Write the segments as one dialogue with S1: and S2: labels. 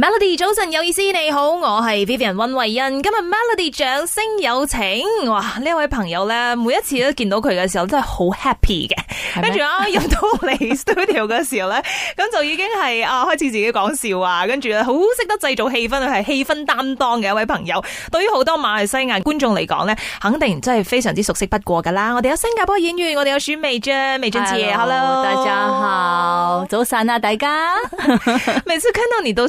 S1: Melody 早晨有意思你好，我係 Vivian 溫慧欣，今日 Melody 掌聲有請，哇呢位朋友咧，每一次都見到佢嘅時候真係好 happy 嘅，跟住啊入到嚟 studio 嘅時候咧，咁 就已經係啊開始自己講笑啊，跟住好識得製造氣氛，係氣氛擔當嘅一位朋友。對於好多馬來西亞觀眾嚟講咧，肯定真係非常之熟悉不過噶啦。我哋有新加坡演員，我哋有許美珍，美珍姐 Hello，Hello，大家
S2: 好，早晨
S1: 啊，大家。 每次看到你都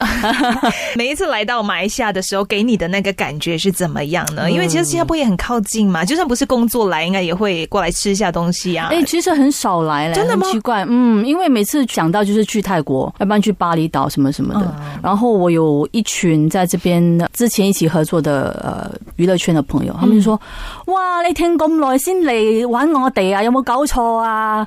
S1: 每一次來到馬來西亞的時候，給你的那個感覺是怎麼樣呢？因為其實新加坡也很靠近嘛，就算不是工作來，應該也會過來吃一下東西啊。哎、欸，其
S2: 實很少來很奇怪，真的嗎？嗯，因為每次想到就是去泰國，要不然去巴厘島什麼什麼的、嗯。然後我有一群在這邊之前一起合作的呃娛樂圈的朋友，他們就說、嗯：“哇，你聽咁耐先嚟玩我哋啊，有冇搞錯啊？”